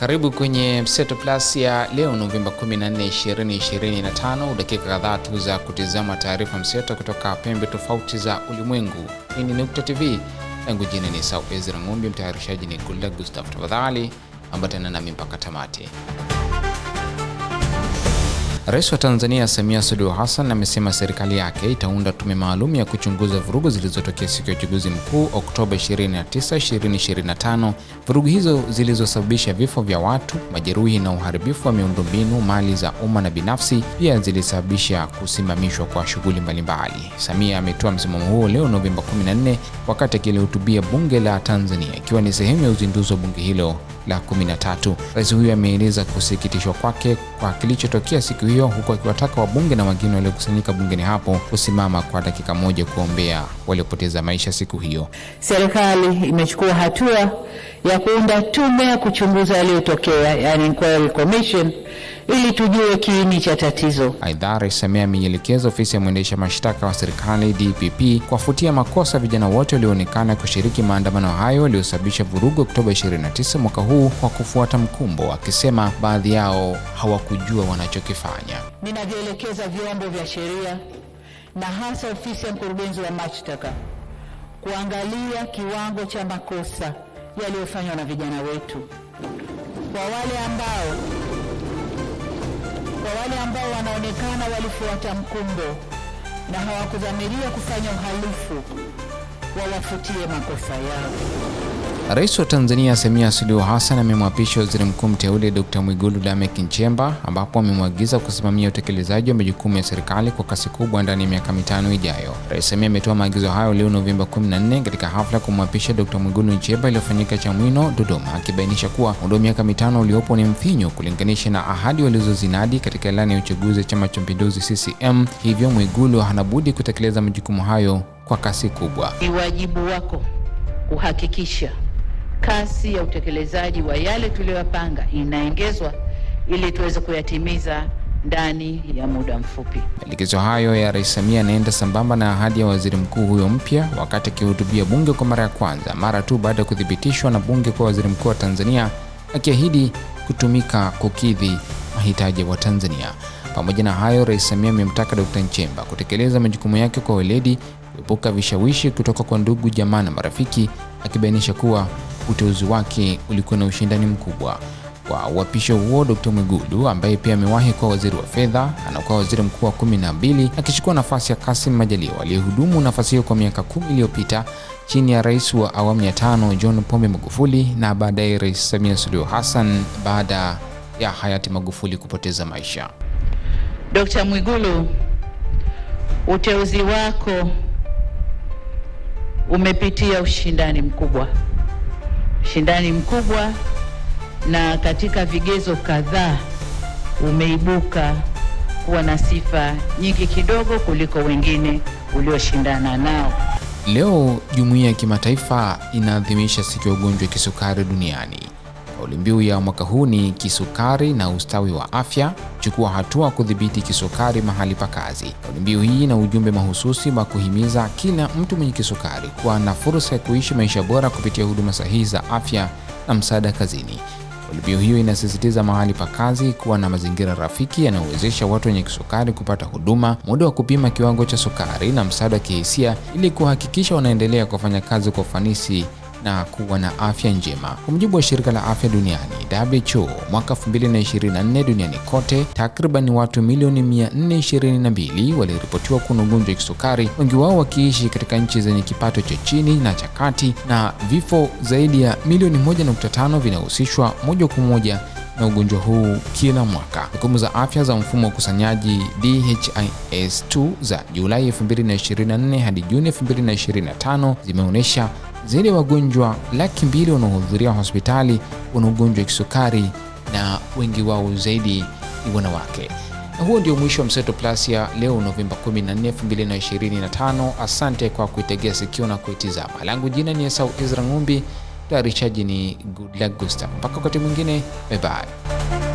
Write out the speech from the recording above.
Karibu kwenye Mseto Plus ya leo Novemba 14, 2025, dakika kadhaa tu za kutizama taarifa mseto kutoka pembe tofauti za ulimwengu. Hii ni Nukta TV, langu jina ni Sau Ezra Ng'umbi, mtayarishaji ni gulda Gustav. Tafadhali ambatana nami mpaka tamati. Rais wa Tanzania Samia Suluhu Hassan amesema serikali yake itaunda tume maalum ya kuchunguza vurugu zilizotokea siku ya uchaguzi mkuu Oktoba 29, 2025, vurugu hizo zilizosababisha vifo vya watu, majeruhi na uharibifu wa miundombinu, mali za umma na binafsi, pia zilisababisha kusimamishwa kwa shughuli mbalimbali. Samia ametoa msimamo huo leo Novemba 14 wakati akilihutubia bunge la Tanzania ikiwa ni sehemu ya uzinduzi wa bunge hilo la 13. Rais huyo ameeleza kusikitishwa kwake kwa kilichotokea siku hiyo, huku akiwataka wabunge na wengine waliokusanyika bungeni hapo kusimama kwa dakika moja kuombea waliopoteza maisha siku hiyo. Serikali imechukua hatua ya kuunda tume ya kuchunguza yaliyotokea, yani inquiry commission ili tujue kiini cha tatizo. Aidha, Rais Samia ameielekeza ofisi ya mwendesha mashtaka wa serikali DPP kuwafutia makosa vijana wote walioonekana kushiriki maandamano hayo yaliyosababisha vurugu Oktoba 29 mwaka huu kwa kufuata mkumbo, akisema baadhi yao hawakujua wanachokifanya. Ninavyoelekeza vyombo vya sheria na hasa ofisi ya mkurugenzi wa mashtaka kuangalia kiwango cha makosa yaliyofanywa na vijana wetu kwa wale ambao kwa wale ambao wanaonekana walifuata mkumbo na hawakudhamiria kufanya uhalifu, wawafutie makosa yao. Rais wa Tanzania Samia Suluhu Hassan amemwapisha waziri mkuu mteule Dkt. Mwigulu Lameck Nchemba, ambapo amemwagiza kusimamia utekelezaji wa majukumu ya serikali kwa kasi kubwa ndani ya miaka mitano ijayo. Rais Samia ametoa maagizo hayo leo Novemba 14 katika hafla ya kumwapisha Dkt. Mwigulu Nchemba iliyofanyika Chamwino, Dodoma, akibainisha kuwa muda wa miaka mitano uliopo ni mfinyo kulinganisha na ahadi walizozinadi katika ilani ya uchaguzi ya Chama cha Mapinduzi CCM, hivyo Mwigulu hanabudi kutekeleza majukumu hayo kwa kasi kubwa. Ni wajibu wako kuhakikisha kasi ya utekelezaji wa yale tuliyoyapanga inaongezwa ili tuweze kuyatimiza ndani ya muda mfupi. Maelekezo hayo ya Rais Samia yanaenda sambamba na ahadi ya waziri mkuu huyo mpya wakati akihutubia bunge kwa mara ya kwanza mara tu baada ya kuthibitishwa na bunge kwa waziri mkuu wa Tanzania, akiahidi kutumika kukidhi mahitaji wa tanzania Pamoja na hayo, Rais Samia amemtaka Dr. Nchemba kutekeleza majukumu yake kwa weledi, kuepuka vishawishi kutoka kwa ndugu, jamaa na marafiki, akibainisha kuwa uteuzi wake ulikuwa na ushindani mkubwa. Kwa uapisho huo, Dkt. Mwigulu ambaye pia amewahi kuwa waziri wa fedha anakuwa waziri mkuu wa kumi na akichukua nafasi ya Kassim Majaliwa aliyehudumu nafasi hiyo kwa miaka kumi iliyopita chini ya rais wa awamu ya tano John Pombe Magufuli na baadaye Rais Samia Suluhu Hassan baada ya hayati Magufuli kupoteza maisha. Dkt. Mwigulu, uteuzi wako umepitia ushindani mkubwa ushindani mkubwa, na katika vigezo kadhaa umeibuka kuwa na sifa nyingi kidogo kuliko wengine ulioshindana nao. Leo jumuiya ya kimataifa inaadhimisha siku ya ugonjwa wa kisukari duniani. Kauli mbiu ya mwaka huu ni kisukari na ustawi wa afya, chukua hatua kudhibiti kisukari mahali pa kazi. Kauli mbiu hii na ujumbe mahususi wa kuhimiza kila mtu mwenye kisukari kuwa na fursa ya kuishi maisha bora kupitia huduma sahihi za afya na msaada kazini. Kauli mbiu hiyo inasisitiza mahali pa kazi kuwa na mazingira rafiki yanayowezesha watu wenye kisukari kupata huduma, muda wa kupima kiwango cha sukari na msaada wa kihisia, ili kuhakikisha wanaendelea kufanya kazi kwa ufanisi na kuwa na afya njema. Kwa mujibu wa shirika la afya duniani WHO, mwaka 2024 duniani kote takriban watu milioni 422 waliripotiwa kuna ugonjwa wa kisukari, wengi wao wakiishi katika nchi zenye kipato cha chini na cha kati, na vifo zaidi ya milioni 1.5 vinahusishwa moja kwa moja na ugonjwa huu kila mwaka. Takwimu za afya za mfumo wa ukusanyaji DHIS2 za Julai 2024 hadi Juni 2025 zimeonyesha zaidi ya wagonjwa laki mbili wanaohudhuria hospitali wana ugonjwa wa kisukari na wengi wao zaidi ni wanawake. Na huo ndio mwisho wa Mseto Plus ya leo Novemba 14, 225 Asante kwa kuitegea sikio na kuitizama. Langu jina ni Esau Ezra Ngumbi, tayarishaji ni gudla Gusta. Mpaka wakati mwingine, bebaye